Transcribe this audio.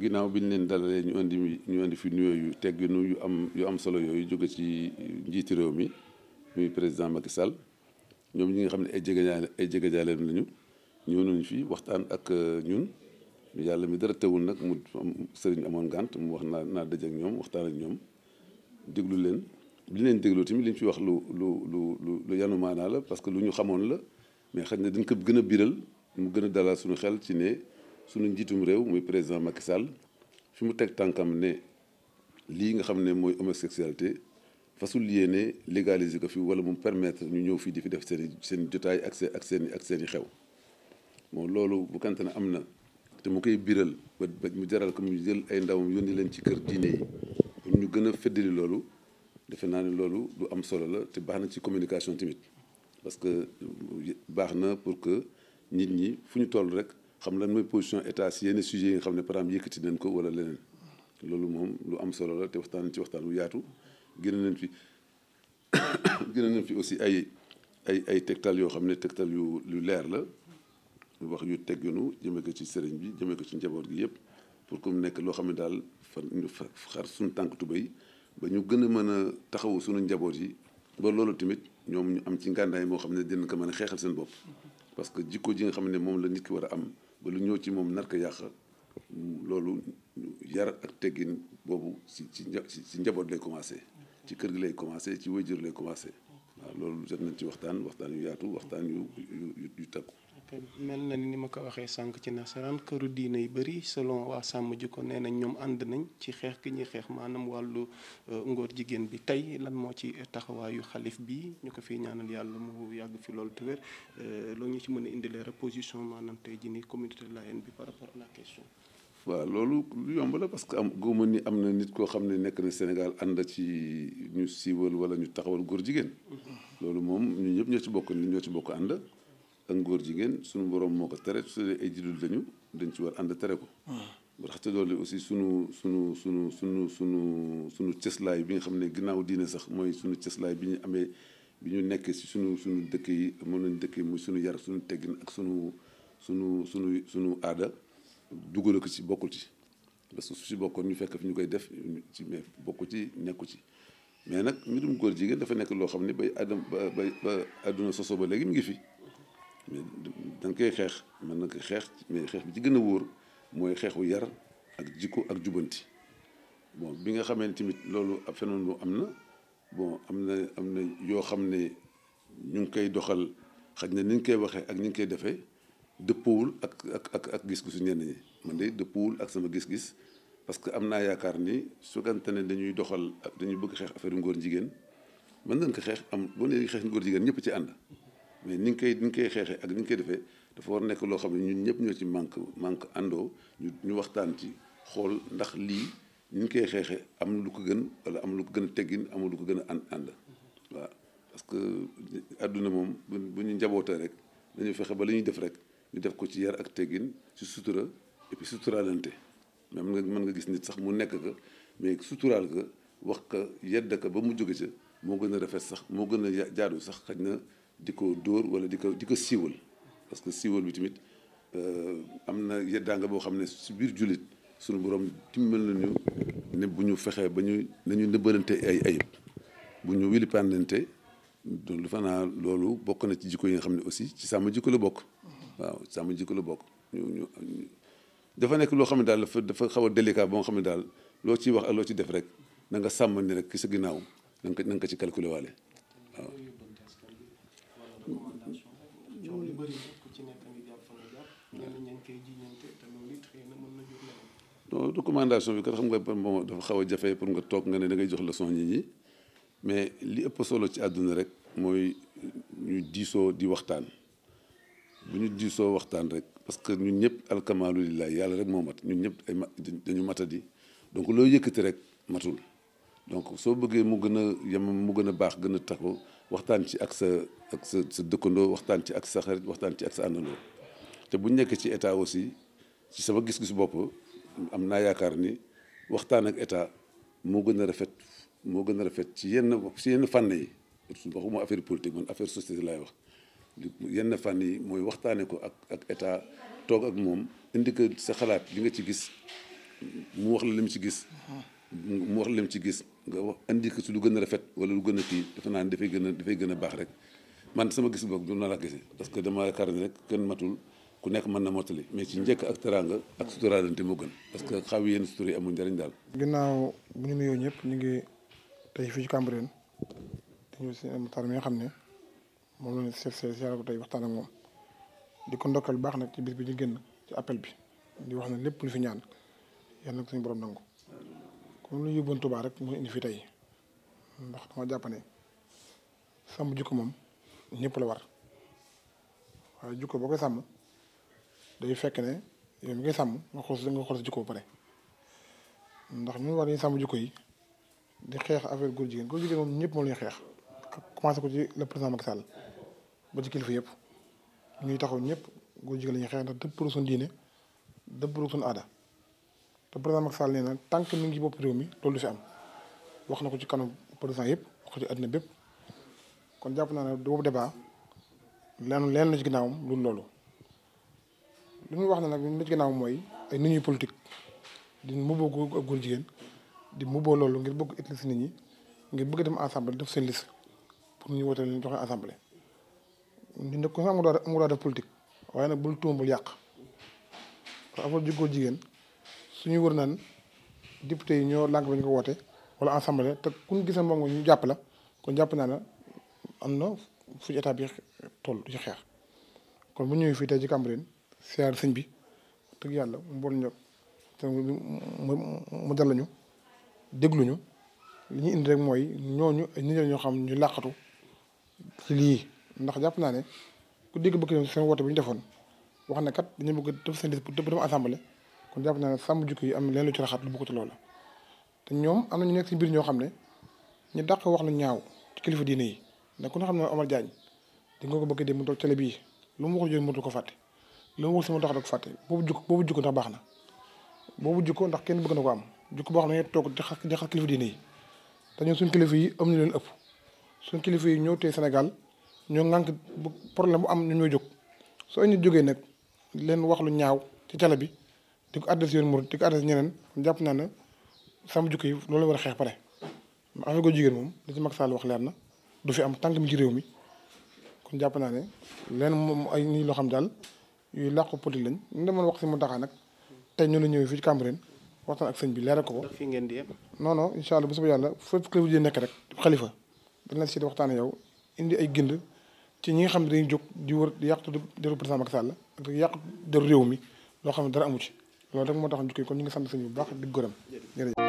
ginnaaw bi ñu leen dalalee ñu indi ñu indi fi nuyoo yu tegginu yu am yu am solo yooyu jóge ci njiiti réew mi muy président Macky Sall ñoom ñi nga xam ne ay jegeñaale ay jegeñaaleem lañu ñu nañu fi waxtaan ak euh, ñun yàlla mi dara teewul nag mu sëriñ amoon gànt mu wax naa naa daj ñoom waxtaan ak ñoom déglu leen li leen déglu tamit li ñu fi wax lu lu lu lu yanu maanaa la parce que lu ñu xamoon la mais xaj na dañ ko gën a biral mu gën a dalal suñu xel ci ne. sunu njiitum réew muy président Macky Sall fi mu teg tànkam ne lii nga xam ne mooy homosexualité fasul yéene légaliser ko fi wala mu permettre ñu ñëw fii di fi def seen i seen jotaay ak seen ak seen ak seen i xew moom loolu bu kante ne am na te mu koy biiral ba mu jaral ko mu jël ay ndawam yónni leen ci kër diine yi pour ñu gën a feddali loolu defe naa ne loolu lu am solo la te baax na ci communication tamit parce que baax na pour que nit ñi fu ñu toll rek xam lan mooy position état si yenn sujets yi nga xam ne par exemple yëkkati nañ ko wala leneen loolu moom lu am solo la te waxtaan ci waxtaan bu yaatu gën nañ fi gën nañ fi aussi ay ay ay tegtal yoo xam ne tegtal yu lu leer la wax yu tegginu jëmee ko ci sëriñ bi jëmee ko ci njaboot gi yëpp pour que mu nekk loo xam ne daal far ñu xar suñu tànk tubéy ba ñu gën a mën a taxawu suñu njaboot yi ba loolu tamit ñoom ñu am ci ngàndaay moo xam ne dinañ ko mën a xeexal seen bopp parce que jikko ji nga xam ne moom la nit ki war a am ba lu ñëw ci moom nar ko yàq loolu yar ak teggin boobu si ci si njaboot lay commencé ci kër gi lay commencé ci wéjur lay commencé waaw loolu jot ci waxtaan waxtaan yu yaatu waxtaan yu yu yu takku. mel na ni ni ma ko waxee sànq ci nasaraan këru diina yi bëri selon waa sàmm jikko nee na ñoom ànd nañ ci xeex gi ñuy xeex maanaam wàllu euh, ngóor jigéen bi tey lan moo ci taxawaayu xalif bi ñu ko fiy ñaanal yàlla mu yàgg fi loolu te wér euh, loo ñu ci mën a position reposition maanaam tey ji ni communauté Layène bi par rapport à la question. waaw loolu lu yomb la parce que am góoma ni am na nit koo xam ne nekk na Sénégal ànd ci ñu siiwal wala ñu taxawal góor jigéen loolu moom ñu ñëpp ñoo ci bokk ni ñoo ci bokk ànd ak góor jigéen suñu borom moo ko tere su dee ay jidul lañu dañ ci war ànd tere ko ba hmm. tax te loolu aussi sunu sunu sunu sunu sunu sunu cëslaay bi nga xam ne ginnaaw diine sax mooy sunu cëslaay bi ñu amee ñu nekkee si sunu sunu dëkk yi moom lañ dëkk yi muy sunu yar sunu teggin ak sunu sunu sunu sunu aada dugal ko ci bokkul ci parce que su si bokkoon ñu fekk fi ñu koy def ci mais bokku ci nekku ci mais nag mbirum góor jigéen dafa nekk loo xam ne bay adam ba bay ba àdduna soso ba léegi mu ngi fi mais dañ koy xeex mën na ko xeex mais xeex bi ci gën a wóor mooy xeexu yar ak jikko ak jubanti bon bi nga xamee ni tamit loolu ab phénomène bu am na bon am na am na yoo xam ne ñu ngi koy doxal xaj na ni koy waxee ak ni ñu koy defee dëppoowul ak ak ak ak gis-gisu ñenn ñi man de dëppoowul ak sama gis-gis parce que am naa yaakaar ni su fekkente ne dañuy doxal dañuy bëgg xeex affaire ngóor jigéen mën nañ ko xeex am boo nee xeex ngóor jigéen ñëpp ci ànd mais ni nga koy ni nga koy xeexee ak ni nga koy defee dafa war nekk loo xam ne ñun ñëpp ñoo ci manque manque àndoo ñu waxtaan ci xool ndax lii ni ñu koy xeexee am lu ko gën wala am lu ko gën a teggin amul lu ko gën a ànd ànd waa parce que àdduna moom bu ñu njabootee rek dañu fexe ba li ñuy def rek ñu def ko ci yar ak teggin ci sutura et puis suturaalante mais mën nga gis nit sax mu nekk ka mais suturaal ka wax ka yedd ka ba mu jóge ca moo gën a rafet sax moo gën a jaadu sax xaj na di ko dóor wala di ko di ko siiwal parce que siiwal bi tamit euh, am na yeddaanga boo xam ne si biir jullit sunu borom dimbal nañu ne bu ñu fexee ba ñu nañu nëbbalante ay ayib bu ñu wili pandante lu fanaa loolu bokk na ci jikko yi nga xam ne aussi ci sàmm jikko la bokk waaw sàmm jikko la bokk dafa nekk loo xam ne daal dafa dafa xaw a délicat xam ne daal loo ciy wax ak loo ci def rek na nga sàmm ni rek ki sa ginnaaw na nga ko ko ci calculer waale waaw. non recommandation bi kat xam nga moom dafa xaw a jafe pour nga toog nga ne da ngay jox leçon yi ñi mais li ëpp solo ci àdduna rek mooy ñu diisoo di waxtaan. bu ñu diisoo waxtaan rek parce que ñun ñëpp alkamaalu lillahi yàlla rek moo mat ñun ñëpp ay dañu di donc loo yëkkati rek matul donc soo bëggee mu gën a yem mu gën a baax gën a taxaw waxtaan ci ak sa ak dëkkandoo waxtaan ci ak sa xarit waxtaan ci ak sa àndandoo te bu ñu nekk ci état aussi ci sama gis-gis bopp am naa yaakaar ni waxtaan ak état moo gën a rafet moo gën a rafet ci yenn ci yenn fànn yi waxuma affaire politique man affaire société laay wax. yenn fànn yi mooy waxtaane ko ak ak état toog ak moom indi ko sa xalaat li nga ci gis mu wax la lim ci gis mu wax la ci gis nga wax indi si lu gën a rafet wala lu gën a kii defe naa dafay gën a dafay gën a baax rek man sama gis boog du na la gisee parce que dama yaakaar ni rek kenn matul ku nekk mën na mottali mais ci njëkk ak teraanga ak suturaalante moo gën parce que xaw yenn sutura yi amul njëriñ daal ginnaaw bu ñu nuyoo ñëpp ñu ngi tey fii ci Cambérène dañu nga xam ne moom la ñu seet see siyaare ko tey waxtaan ak moom di ko lu baax nag ci bis bi ñu génn ci appel bi di wax na lépp lu fi ñaan yal na ko suñu borom nangu comme lu yóbboon Tuubaa rek moo indi fi tey ndax dama jàpp ne sàmm jikko moom ñëpp la war waaye jikko boo sàmm day fekk ne mi koy sàmm nga xool xool sa jikko ba pare ndax ñu war ñu sàmm jikko yi di xeex affaire góor jigéen góor ñëpp moom la ñuy xeex. commencé ko ci le président Macky Sall ba ci kilifa yëpp ñuy taxaw ñëpp góor jigéen la ñuy xeex ndax dëppaloo suñu diine dëppaloo suñu aada te président Macky Sall mi ngi bopp réew mi loolu du fi am wax na ko ci kanam président yëpp wax ko ci kon jàpp naa ne boobu débat lenn lenn la ci ginnaawam lu loolu li muy wax ne nag lu ci ginnaawam mooy ay nit ñuy politique di mbubboo góor ak góor jigéen di mbubboo loolu ngir bëgg utiliser nit ñi ngir bëgg dem ensemble def seen liste pour ñu wootee ñu joxe assemblée ñun nag ku ne am nga am nga def politique waaye nag bul tuum bul yàq parce que affaire góor jigéen suñu wër naan député yi ñoo lànk ba ñu ko woote wala assemblée te ñu gis moom nga ñu jàpp jàpp naa ne am na fu état bi toll ci xeex kon sëñ bi tëgg yàlla mu bool ñor li ñu indi mooy ñoo xam ñu làqatu ci lii ndax jàpp naa ne ku dégg bëgg yoon seen woote bi ñu defoon wax na kat dañu bëgg def seen pour dëpp dem assemblée kon jàpp naa ne sàmm jikko yi am leen lu ci raxat bokk ci loolu te am na ñu nekk ci mbir ñoo xam ne ñu dàq wax lu ñaaw kilifa diine yi ndax ku xam ne Omar Diagne di nga ko bëgg dee mu toog télé bii lu mu waxul jooju mënatu ko fàtte lu mu wax si mu tax da ko fàtte boobu jukko boobu jukko ndax baax na boobu jukko ndax kenn bëgg na ko am jukko boo xam ne toog di xas di xas kilifa diine yi te ñoom am na leen ëpp suñ kilifa yi ñëw tey Sénégal ñoo ŋànk problème bu am ñu ñoo jóg soo ay nit jógee nag leen wax lu ñaaw ci télé bi di ko adressé yoon murid di ko adressé ñeneen jàpp naa ne sama jukki yi loolu war a xeex pare ma affaire ko moom li ci Macky Sall wax leer na du fi am tànk mi ci réew mi jàpp naa ne leen moom ay ñii loo xam daal yuy làqu politique lañ ñu demoon wax si mu taxaa nag tey ñu la ñëwee fii ci Cambérène waxtaan ak sëñ bi leeral ko ko. fi ngeen di yem. non non incha allah bu soobee yàlla fépp kilifa ji nekk rek xalifa dina si waxtaan yow indi ay gind ci ñi xam ne dañuy jóg di wër di yàq deru président Macky Sall ak yàq deru réew mi loo xam ne dara amu ci loolu rek moo tax ñu koy kon ñu ngi sant sëñ bu baax di gërëm jërëjëf